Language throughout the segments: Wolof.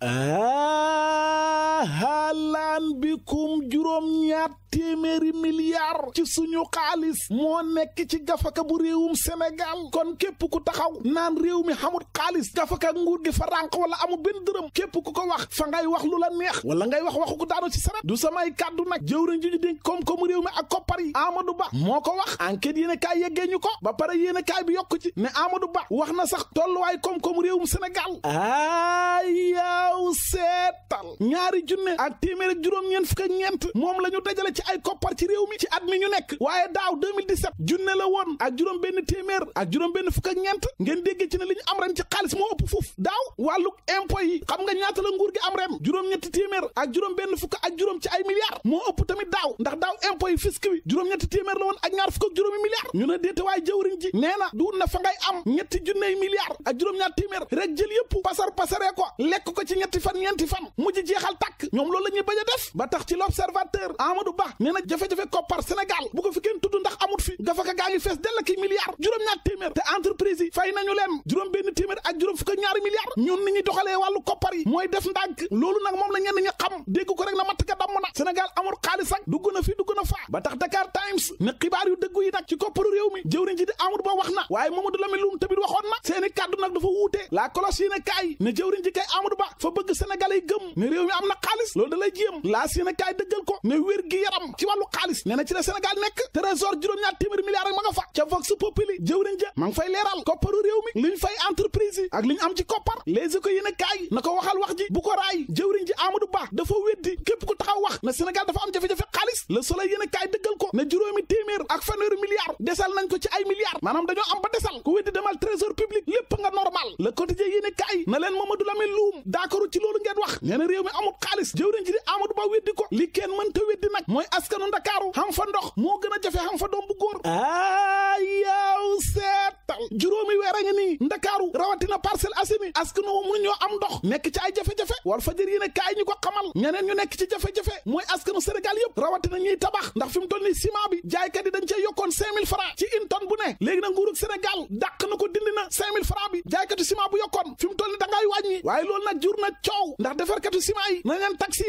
Ah! bikum juróom-ñaar téeméeri milliard ci suñu xaalis moo nekk ci gafaka bu réewum Sénégal kon képp ku taxaw naan réew mi xamut xaalis gafaka nguur gi fa rànq wala amu benn dërëm képp ku ko wax fa ngay wax lu la neex wala ngay wax waxu ko ci saret du samay kàddu nag jëwriñ ji ñu dénk koom-koomu réew mi ak koppar yi Amadou Ba moo ko wax enquête yéen a kaay yeggee ko ba pare yéen a kaay bi yokk ci ne Amadou Ba wax na sax tolluwaay koom-koomu réewum Sénégal a yow seetal ñaari juróom-ñeent fukk ak ñeent moom la ñu dajale ci ay koppar ci réew mi ci at ñu nekk waaye daaw junne la woon ak juróom benn téeméer ak juróom benn fukk ñeent ngeen dégg ci ne li ñu am ren ci xaalis moo ëpp fuuf daaw wàllu impôt yi xam nga ñaata nguur gi am ren juróom-ñetti téeméer ak juróom benn fukk ak juróom ci ay milliards moo ëpp tamit daaw ndax daaw impôt yi fisc bi juróom-ñetti téeméer la woon ak ñaar fukk ak juróomi milliards ñu ne déete waaye jëwriñ ji nee na du na fa ngay am ba tax ci l'observateur Amadou Ba nee na jafe-jafe koppar Sénégal bu ko fi kenn tudd amut fi gafaka gaa ngi fees dell ak milliards juróom ñaar téeméer te entreprise fay nañu leen juróom benn téeméer ak juróom fukk ñaari milliards ñun ni ñuy doxalee wàllu koppar mooy def ndànk loolu nag moom la ñenn ñi xam dégg ko rek na matt ka damm na Sénégal amul xaalis ak dugg na fi dugg na faa ba tax Dakar Times ne xibaar yu dëggu yi nag ci kopparu réew mi jëwriñ ji di Amadou Ba wax na waaye Mamadou Lamine Loum mi am na xaalis loolu na ci la Sénégal ñaar téeméer milliards ak ma nga fa ca vox populi jëwriñ ja ma ngi fay leeral kopparu réew mi li fay entreprise ak li am ci koppar les éco yéen a kaay na ko waxal wax ji bu jëwriñ ji Amadou Ba dafa weddi képp ku taxaw wax na Sénégal dafa am jafe-jafe xaalis le soleil yéen dëggal ko na juróomi téeméer ak fanweeri milliards desal nañ ko ci ay milliards maanaam dañoo am ba desal ku weddi demal trésor public le quotidien yéene kaay na leen Mamadou Lamine Loum d'accordu ci loolu ngeen wax nee na réew mi amut xaalis jëwriñ ji di Ba weddi ko li kenn mënta weddi nag mooy askanu Ndakaaru xam fa ndox moo gën a jafe xam fa doom bu góor aa yow seet juróomi weer a ngi nii ndakaaru rawatina Parcelles Assainies askan wi ñoo am ndox nekk ci ay jafe-jafe wal fajar yéen kaay ñu ko xamal ñeneen ñu nekk ci jafe-jafe mooy askanu Sénégal yëpp rawatina ñuy tabax ndax fi toll nii ciment bi jaaykat dañ cee yokkoon cinq mille ci une bu ne léegi na nguurug Sénégal dàq na ko dindi na cinq bi jaaykatu ciment bu yokkoon fi toll nii dangaay wàññi waaye loolu nag jur na coow ndax defarkatu ciment yi na ngeen taxi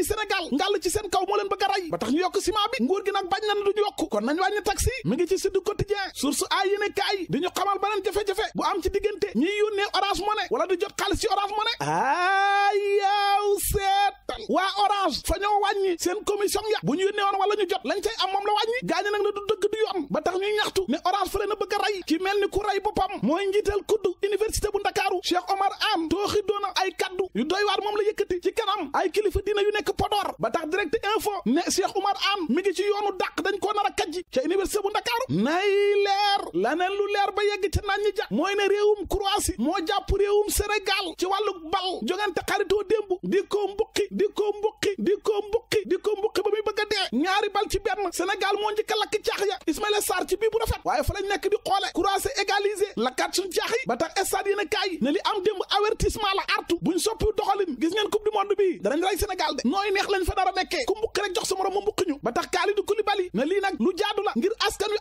jafe-jafe bu am ci diggante ñiy yónnee orange money wala di jot xaalis ci orange money aa ah, yaaw seetal waa orange fa ñoo wàññi seen commission ya bu ñu yónnee woon wala ñu jot lañ cay am moom la wàññi gaañu nag ne du dëgg du yoon ba tax ñuy ñaxtu ne orange fa leen a bëgg a rey ki mel ni ku rey boppam mooy njiital kudd université bu Ndakaaru ndakaaru Cheikh Omar Anne tooxi doona ay kaddu yu doy waar moom la yëkkati ci kanam ay kilifa diina yu nekk Podor ba tax direct info ne Cheikh Omar Anne mi ngi ci yoonu dàq dañ koo nar a kajji ca université bu ndakaaru nay leer laneen lu leer ba yegg ca naan ñi ja mooy ne réewum Croatie moo jàpp réewum Sénégal ci wàllu bal jogante xaritoo démb di ko mbukki di ko mbukki di ko mbukki di ko mbukki ba muy bëgg a dee ñaari bal ci benn Sénégal moo njëkk a lakk caax ya Ismaïla Sarr ci bii lakkaat suñu jaax yi a kaay ne li am démb avertissement la artu buñ soppi doxalin gis ngeen coupe du monde bi danañ rey Sénégal de nooy neex lañ fa dara nekkee ku mbukk jox sa morom ma mbukk ñu ba tax Kalidou Koulibaly ne lii nag lu jaadu la ngir askan wi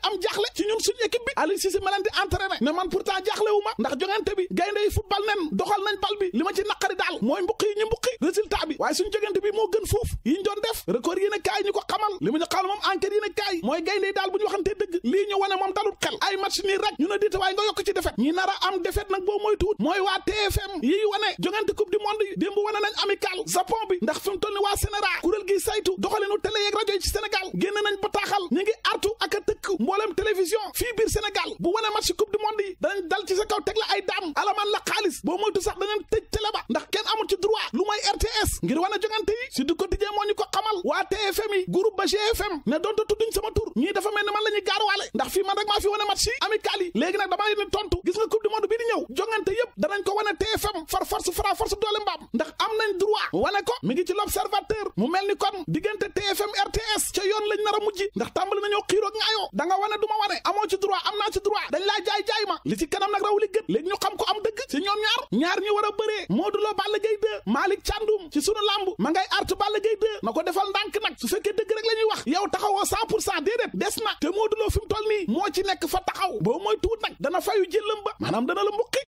Aliou Cissé ma leen di entraîné ne man pourtant jaxle wu ma ndax jongante bi gaynde yi football nen doxal nañ bal bi li ma ci naqari daal mooy mbuqi yi ñu mbuqi résultat bi waaye suñu jogante bi moo gën foofu yi ñu doon def record yi a kaay ñu ko xamal li mu ñu xamal moom enquête yi a kaay mooy gaynde yi daal bu ñu waxante dëgg lii ñu wane moom dalut xel ay match ni rek ñu ne diite waaye nga yokk ci defet ñi nara am defet nag boo mooy tuut mooy waa TFM yi wane jongante coupe du monde yi démb wane nañ amical japon bi ndax fi mu toll ni waa sénéra kuréel gi saytu doxalinu télé yeeg rajo yi ci sénégal génn nañ ba taxal ñu ngi artu ak a tëkk mboolem télévision fii biir sénégal Sénégal bu wane match coupe du monde yi danañ dal ci sa kaw ay daam alamaan la xaalis boo moytu sax danañ tëj télé ba ndax kenn amul ci droit lu RTS ngir wane jongante yi si du quotidien moo ñu ko xamal waa TFM yi groupe ba GFM ne doonte tudduñ sama tur ñii dafa mel ni man la ñuy gaaruwaale ndax fii man rek maa fi wane match yi amical yi léegi nag dama leen tontu gis nga coupe du monde bii di ñëw jongante yépp danañ ko wane TFM far force fra force doole wane ko mi ngi ci l'observateur mu mel ni kon diggante TFM RTS ca yoon lañ nar a mujj ndax tàmbali nañoo xiiroog ngaayoo da nga wane du ma wane amoo ci droit am naa ci droit dañ laa jaay jaay ma li ci kanam nag raw gët léegi ñu xam ko am dëgg ci ñoom ñaar ñaar ñi war a bëree Modou Lo Balla Gaye 2 Malick Thiandoum ci sunu lamb ma ngay art Balla Gaye 2 na ko defal ndànk nag su fekkee dëgg rek la ñuy wax yow taxawoo cent pour cent déedéet des na te Modou Lo fi mu toll nii moo ci nekk fa taxaw boo mooy tuut ba maanaam dana la mbuqi